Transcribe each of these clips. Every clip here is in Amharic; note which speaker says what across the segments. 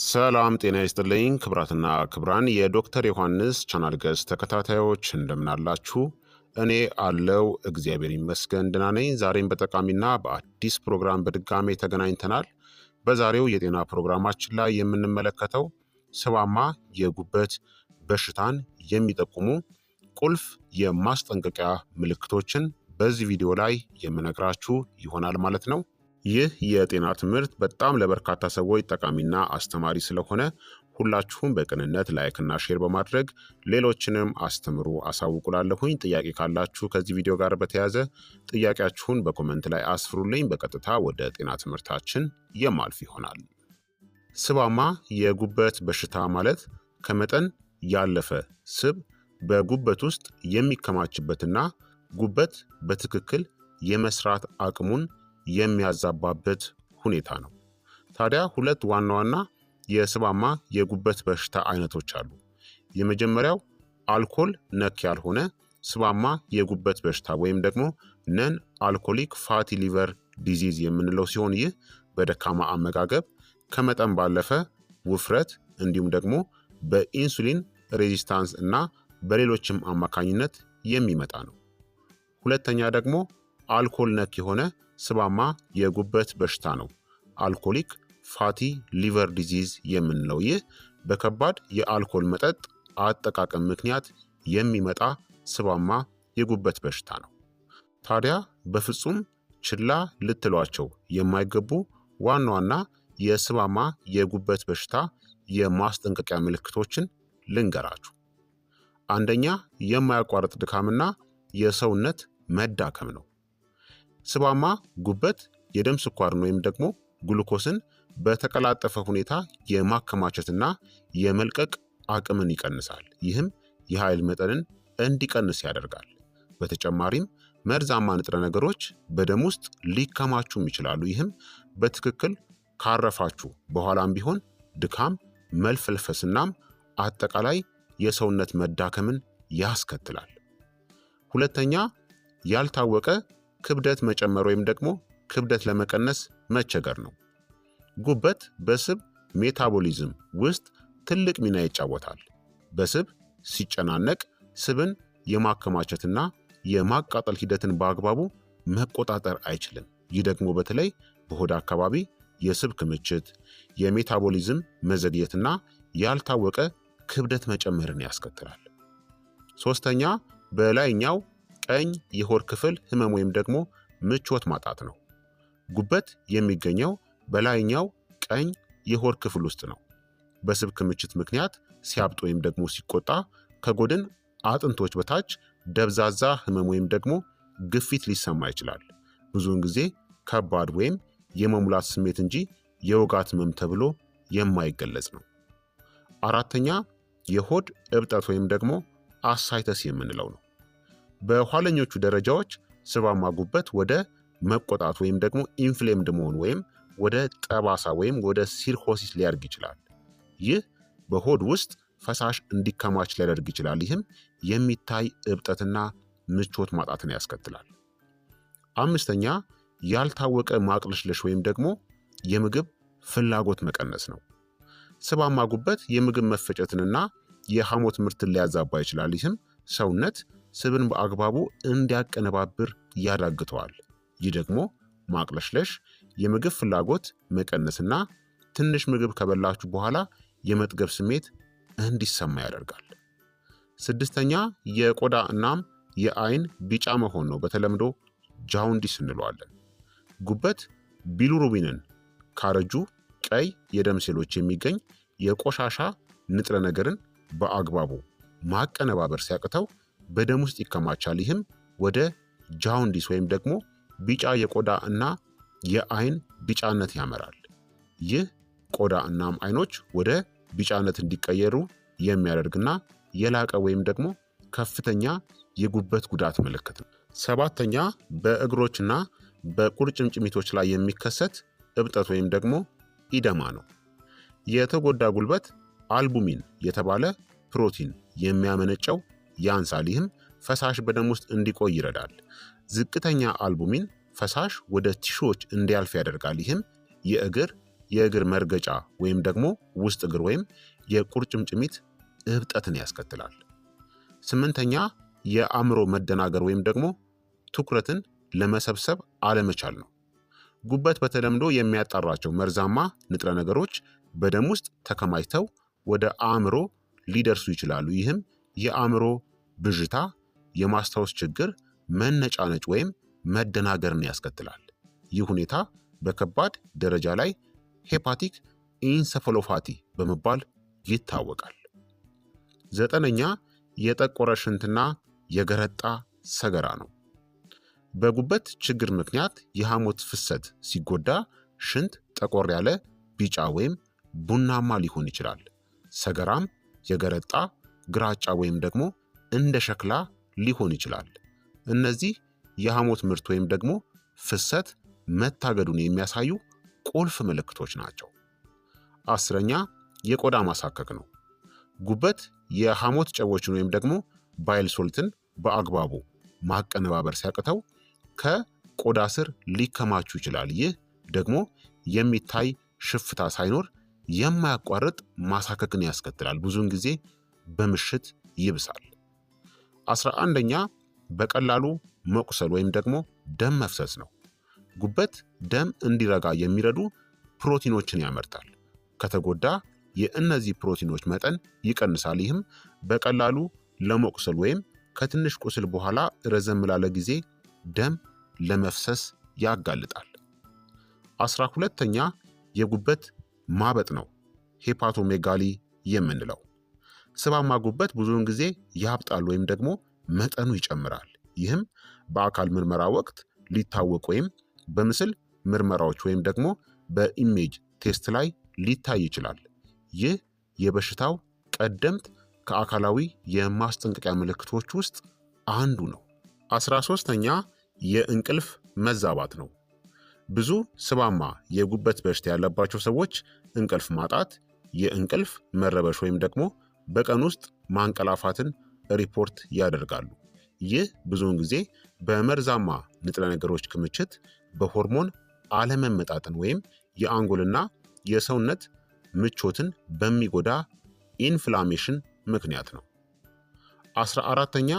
Speaker 1: ሰላም ጤና ይስጥልኝ ክብራትና ክብራን የዶክተር ዮሐንስ ቻናል ገጽ ተከታታዮች እንደምናላችሁ። እኔ አለው እግዚአብሔር ይመስገን ደህና ነኝ። ዛሬም በጠቃሚና በአዲስ ፕሮግራም በድጋሜ ተገናኝተናል። በዛሬው የጤና ፕሮግራማችን ላይ የምንመለከተው ስባማ የጉበት በሽታን የሚጠቁሙ ቁልፍ የማስጠንቀቂያ ምልክቶችን በዚህ ቪዲዮ ላይ የምነግራችሁ ይሆናል ማለት ነው። ይህ የጤና ትምህርት በጣም ለበርካታ ሰዎች ጠቃሚና አስተማሪ ስለሆነ ሁላችሁም በቅንነት ላይክና ሼር በማድረግ ሌሎችንም አስተምሩ አሳውቁላለሁኝ። ጥያቄ ካላችሁ ከዚህ ቪዲዮ ጋር በተያያዘ ጥያቄያችሁን በኮመንት ላይ አስፍሩልኝ። በቀጥታ ወደ ጤና ትምህርታችን የማልፍ ይሆናል። ስባማ የጉበት በሽታ ማለት ከመጠን ያለፈ ስብ በጉበት ውስጥ የሚከማችበትና ጉበት በትክክል የመስራት አቅሙን የሚያዛባበት ሁኔታ ነው። ታዲያ ሁለት ዋና ዋና የስባማ የጉበት በሽታ አይነቶች አሉ። የመጀመሪያው አልኮል ነክ ያልሆነ ስባማ የጉበት በሽታ ወይም ደግሞ ነን አልኮሊክ ፋቲ ሊቨር ዲዚዝ የምንለው ሲሆን ይህ በደካማ አመጋገብ ከመጠን ባለፈ ውፍረት እንዲሁም ደግሞ በኢንሱሊን ሬዚስታንስ እና በሌሎችም አማካኝነት የሚመጣ ነው። ሁለተኛ ደግሞ አልኮል ነክ የሆነ ስባማ የጉበት በሽታ ነው። አልኮሊክ ፋቲ ሊቨር ዲዚዝ የምንለው ይህ በከባድ የአልኮል መጠጥ አጠቃቀም ምክንያት የሚመጣ ስባማ የጉበት በሽታ ነው። ታዲያ በፍጹም ችላ ልትሏቸው የማይገቡ ዋና ዋና የስባማ የጉበት በሽታ የማስጠንቀቂያ ምልክቶችን ልንገራችሁ። አንደኛ የማያቋርጥ ድካምና የሰውነት መዳከም ነው። ስባማ ጉበት የደም ስኳርን ወይም ደግሞ ግሉኮስን በተቀላጠፈ ሁኔታ የማከማቸትና የመልቀቅ አቅምን ይቀንሳል። ይህም የኃይል መጠንን እንዲቀንስ ያደርጋል። በተጨማሪም መርዛማ ንጥረ ነገሮች በደም ውስጥ ሊከማቹም ይችላሉ። ይህም በትክክል ካረፋችሁ በኋላም ቢሆን ድካም፣ መልፈልፈስናም አጠቃላይ የሰውነት መዳከምን ያስከትላል። ሁለተኛ ያልታወቀ ክብደት መጨመር ወይም ደግሞ ክብደት ለመቀነስ መቸገር ነው። ጉበት በስብ ሜታቦሊዝም ውስጥ ትልቅ ሚና ይጫወታል። በስብ ሲጨናነቅ ስብን የማከማቸትና የማቃጠል ሂደትን በአግባቡ መቆጣጠር አይችልም። ይህ ደግሞ በተለይ በሆድ አካባቢ የስብ ክምችት፣ የሜታቦሊዝም መዘግየትና ያልታወቀ ክብደት መጨመርን ያስከትላል። ሶስተኛ በላይኛው ቀኝ የሆድ ክፍል ህመም ወይም ደግሞ ምቾት ማጣት ነው። ጉበት የሚገኘው በላይኛው ቀኝ የሆድ ክፍል ውስጥ ነው። በስብ ክምችት ምክንያት ሲያብጥ ወይም ደግሞ ሲቆጣ ከጎድን አጥንቶች በታች ደብዛዛ ህመም ወይም ደግሞ ግፊት ሊሰማ ይችላል። ብዙውን ጊዜ ከባድ ወይም የመሙላት ስሜት እንጂ የውጋት ህመም ተብሎ የማይገለጽ ነው። አራተኛ የሆድ እብጠት ወይም ደግሞ አሳይተስ የምንለው ነው። በኋለኞቹ ደረጃዎች ስባ ማጉበት ወደ መቆጣት ወይም ደግሞ ኢንፍሌምድ መሆን ወይም ወደ ጠባሳ ወይም ወደ ሲርኮሲስ ሊያደርግ ይችላል። ይህ በሆድ ውስጥ ፈሳሽ እንዲከማች ሊያደርግ ይችላል። ይህም የሚታይ እብጠትና ምቾት ማጣትን ያስከትላል። አምስተኛ ያልታወቀ ማቅለሽለሽ ወይም ደግሞ የምግብ ፍላጎት መቀነስ ነው። ስባማ ጉበት የምግብ መፈጨትንና የሐሞት ምርትን ሊያዛባ ይችላል። ይህም ሰውነት ስብን በአግባቡ እንዲያቀነባብር ያዳግተዋል። ይህ ደግሞ ማቅለሽለሽ፣ የምግብ ፍላጎት መቀነስና ትንሽ ምግብ ከበላችሁ በኋላ የመጥገብ ስሜት እንዲሰማ ያደርጋል። ስድስተኛ የቆዳ እናም የአይን ቢጫ መሆን ነው። በተለምዶ ጃውንዲስ እንለዋለን። ጉበት ቢሉሩቢንን ካረጁ ቀይ የደም ሴሎች የሚገኝ የቆሻሻ ንጥረ ነገርን በአግባቡ ማቀነባበር ሲያቅተው በደም ውስጥ ይከማቻል። ይህም ወደ ጃውንዲስ ወይም ደግሞ ቢጫ የቆዳ እና የአይን ቢጫነት ያመራል። ይህ ቆዳ እናም አይኖች ወደ ቢጫነት እንዲቀየሩ የሚያደርግና የላቀ ወይም ደግሞ ከፍተኛ የጉበት ጉዳት ምልክት ነው። ሰባተኛ በእግሮችና በቁርጭምጭሚቶች ላይ የሚከሰት እብጠት ወይም ደግሞ ኢደማ ነው። የተጎዳ ጉልበት አልቡሚን የተባለ ፕሮቲን የሚያመነጨው ያንሳል። ይህም ፈሳሽ በደም ውስጥ እንዲቆይ ይረዳል። ዝቅተኛ አልቡሚን ፈሳሽ ወደ ቲሹዎች እንዲያልፍ ያደርጋል። ይህም የእግር የእግር መርገጫ ወይም ደግሞ ውስጥ እግር ወይም የቁርጭምጭሚት እብጠትን ያስከትላል። ስምንተኛ የአእምሮ መደናገር ወይም ደግሞ ትኩረትን ለመሰብሰብ አለመቻል ነው። ጉበት በተለምዶ የሚያጣራቸው መርዛማ ንጥረ ነገሮች በደም ውስጥ ተከማችተው ወደ አእምሮ ሊደርሱ ይችላሉ። ይህም የአእምሮ ብዥታ፣ የማስታወስ ችግር፣ መነጫነጭ ወይም መደናገርን ያስከትላል። ይህ ሁኔታ በከባድ ደረጃ ላይ ሄፓቲክ ኢንሰፈሎፓቲ በመባል ይታወቃል። ዘጠነኛ የጠቆረ ሽንትና የገረጣ ሰገራ ነው። በጉበት ችግር ምክንያት የሐሞት ፍሰት ሲጎዳ ሽንት ጠቆር ያለ ቢጫ ወይም ቡናማ ሊሆን ይችላል። ሰገራም የገረጣ ግራጫ ወይም ደግሞ እንደ ሸክላ ሊሆን ይችላል። እነዚህ የሐሞት ምርት ወይም ደግሞ ፍሰት መታገዱን የሚያሳዩ ቁልፍ ምልክቶች ናቸው። አስረኛ የቆዳ ማሳከክ ነው። ጉበት የሐሞት ጨቦችን ወይም ደግሞ ባይል ሶልትን በአግባቡ ማቀነባበር ሲያቅተው ከቆዳ ስር ሊከማቹ ይችላል። ይህ ደግሞ የሚታይ ሽፍታ ሳይኖር የማያቋርጥ ማሳከክን ያስከትላል። ብዙውን ጊዜ በምሽት ይብሳል። አስራ አንደኛ በቀላሉ መቁሰል ወይም ደግሞ ደም መፍሰስ ነው። ጉበት ደም እንዲረጋ የሚረዱ ፕሮቲኖችን ያመርታል። ከተጎዳ የእነዚህ ፕሮቲኖች መጠን ይቀንሳል። ይህም በቀላሉ ለመቁሰል ወይም ከትንሽ ቁስል በኋላ ረዘም ላለ ጊዜ ደም ለመፍሰስ ያጋልጣል። አስራ ሁለተኛ የጉበት ማበጥ ነው ሄፓቶሜጋሊ የምንለው ስባማ ጉበት ብዙውን ጊዜ ያብጣል ወይም ደግሞ መጠኑ ይጨምራል። ይህም በአካል ምርመራ ወቅት ሊታወቅ ወይም በምስል ምርመራዎች ወይም ደግሞ በኢሜጅ ቴስት ላይ ሊታይ ይችላል። ይህ የበሽታው ቀደምት ከአካላዊ የማስጠንቀቂያ ምልክቶች ውስጥ አንዱ ነው። አስራ ሶስተኛ የእንቅልፍ መዛባት ነው። ብዙ ስባማ የጉበት በሽታ ያለባቸው ሰዎች እንቅልፍ ማጣት፣ የእንቅልፍ መረበሽ ወይም ደግሞ በቀን ውስጥ ማንቀላፋትን ሪፖርት ያደርጋሉ። ይህ ብዙውን ጊዜ በመርዛማ ንጥረ ነገሮች ክምችት፣ በሆርሞን አለመመጣጠን ወይም የአንጎልና የሰውነት ምቾትን በሚጎዳ ኢንፍላሜሽን ምክንያት ነው። አስራ አራተኛ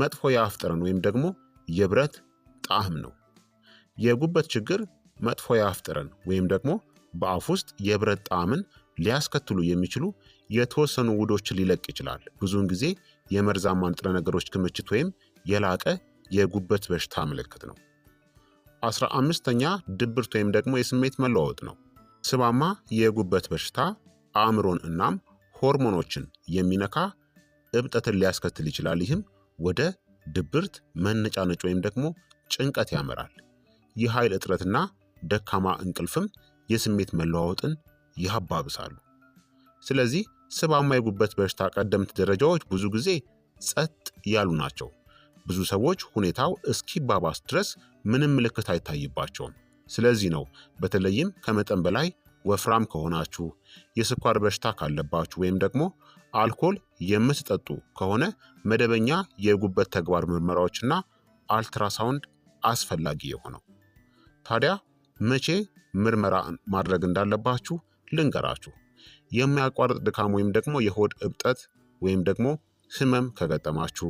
Speaker 1: መጥፎ የአፍ ጠረን ወይም ደግሞ የብረት ጣዕም ነው። የጉበት ችግር መጥፎ የአፍ ጠረን ወይም ደግሞ በአፍ ውስጥ የብረት ጣዕምን ሊያስከትሉ የሚችሉ የተወሰኑ ውህዶችን ሊለቅ ይችላል። ብዙውን ጊዜ የመርዛማ ንጥረ ነገሮች ክምችት ወይም የላቀ የጉበት በሽታ ምልክት ነው። አስራ አምስተኛ ድብርት ወይም ደግሞ የስሜት መለዋወጥ ነው። ስባማ የጉበት በሽታ አእምሮን እናም ሆርሞኖችን የሚነካ እብጠትን ሊያስከትል ይችላል። ይህም ወደ ድብርት፣ መነጫነጭ ወይም ደግሞ ጭንቀት ያመራል። የኃይል እጥረትና ደካማ እንቅልፍም የስሜት መለዋወጥን ያባብሳሉ። ስለዚህ ስባማ የጉበት በሽታ ቀደምት ደረጃዎች ብዙ ጊዜ ጸጥ ያሉ ናቸው። ብዙ ሰዎች ሁኔታው እስኪባባስ ድረስ ምንም ምልክት አይታይባቸውም። ስለዚህ ነው በተለይም ከመጠን በላይ ወፍራም ከሆናችሁ፣ የስኳር በሽታ ካለባችሁ ወይም ደግሞ አልኮል የምትጠጡ ከሆነ መደበኛ የጉበት ተግባር ምርመራዎችና አልትራሳውንድ አስፈላጊ የሆነው። ታዲያ መቼ ምርመራ ማድረግ እንዳለባችሁ ልንገራችሁ። የማያቋርጥ ድካም ወይም ደግሞ የሆድ እብጠት ወይም ደግሞ ህመም ከገጠማችሁ፣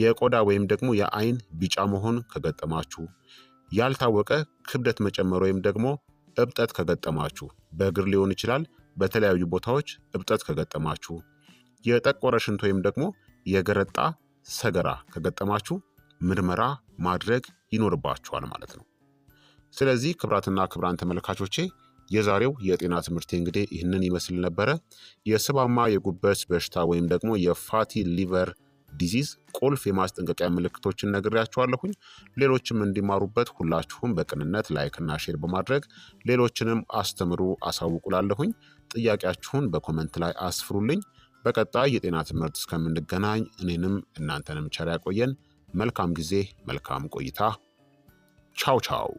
Speaker 1: የቆዳ ወይም ደግሞ የአይን ቢጫ መሆን ከገጠማችሁ፣ ያልታወቀ ክብደት መጨመር ወይም ደግሞ እብጠት ከገጠማችሁ፣ በእግር ሊሆን ይችላል፣ በተለያዩ ቦታዎች እብጠት ከገጠማችሁ፣ የጠቆረ ሽንት ወይም ደግሞ የገረጣ ሰገራ ከገጠማችሁ ምርመራ ማድረግ ይኖርባችኋል ማለት ነው። ስለዚህ ክብራትና ክብራን ተመልካቾቼ የዛሬው የጤና ትምህርቴ እንግዲህ ይህንን ይመስል ነበረ። የስባማ የጉበት በሽታ ወይም ደግሞ የፋቲ ሊቨር ዲዚዝ ቁልፍ የማስጠንቀቂያ ምልክቶችን ነግሬያችኋለሁኝ። ሌሎችም እንዲማሩበት ሁላችሁም በቅንነት ላይክና ሼር በማድረግ ሌሎችንም አስተምሩ፣ አሳውቁላለሁኝ። ጥያቄያችሁን በኮመንት ላይ አስፍሩልኝ። በቀጣይ የጤና ትምህርት እስከምንገናኝ እኔንም እናንተንም ቸር ያቆየን። መልካም ጊዜ፣ መልካም ቆይታ። ቻው ቻው።